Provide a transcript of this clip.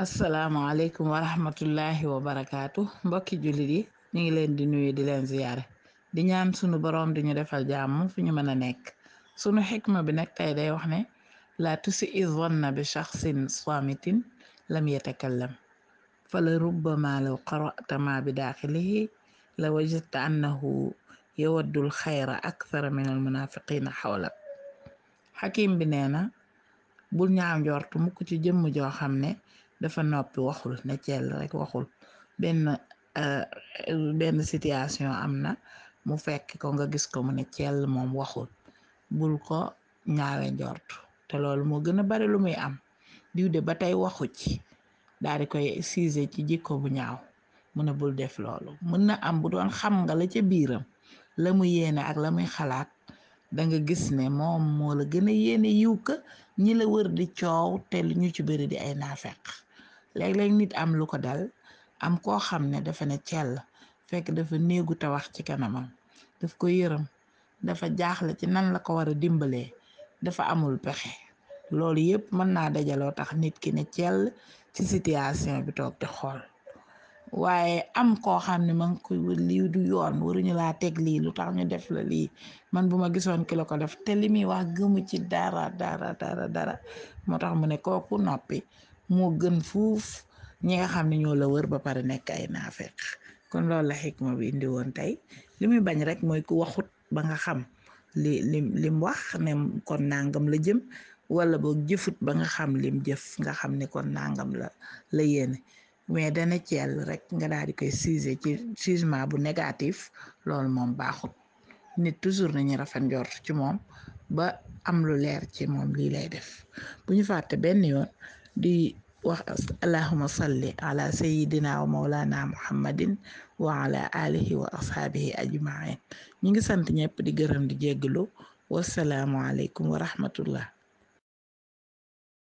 asalaamaaleykum wa rahmatullahi wa barakaatu mbokki jullit yi ñu ngi leen di nuyu di leen ziyaare di ñaan sunu boroom di ñu defal jàmm fu ñu mën a nekk sunu xikma bi nag tey day wax ne la tusi izanna bi shaxsin saamitin lam yatakallam fala rubbama law qara'ta ma bi daaxilihi la wajadta annahu yawaddul xayra akthara min al munafiqina xawla xakim bi nee na bul ñaaw njort mukk ci jëmm joo xam ne dafa noppi waxul ne ceel rek waxul benn euh, benn situation am na mu fekk ko nga gis ko mu ne ceel moom waxul bul ko ñaawe njort te loolu moo gën a bari lu muy am diw ba tey waxu ci daal di koy siise ci jikko bu ñaaw mu ne bul def loolu mën na am bu doon xam nga la ca biiram la mu yéene ak la muy xalaat danga gis ne moom moo la gën a yéene yiw ka ñi la wër di coow te ñu ci bëri di ay naafeq léeg-léeg nit am lu ko dal am koo xam ne dafa ne cell fekk dafa néegu te wax ci kanamam daf ko yërëm dafa jaaxle ci nan la ko war a dimbalee dafa amul pexe loolu yëpp mën naa dajaloo tax nit ki ne cell ci situation bi toog di xool waaye am koo xam ne ma ngi koy lii du yoon waruñu laa teg lii lu tax ñu def la lii man bu ma gisoon ki la ko def te li muy wax gëmu ci dara dara dara dara moo tax mu ne kooku noppi moo gën fuuf ñi nga xam ne ñoo la wër ba pare nekk ay naafeq kon loolu la xikma bi indi woon tey li muy bañ rek mooy ku waxut ba nga xam li li lim wax ne kon nangam la jëm wala boog jëfut ba nga xam lim jëf nga xam ne kon nangam la la yéene mais dana ceel rek nga daal di koy siise ci jugement bu négatif loolu moom baaxut nit toujours nañu rafet njort ci moom ba am lu leer ci moom lii lay def bu ñu benn yoon di wax allahuma salli ala sayidina wa maulana muhammadin wa ala alihi wa ashaabihi ajmain ñi ngi sant ñëpp di gërëm di jéggalu wasalaamualeykum wa rahmatullah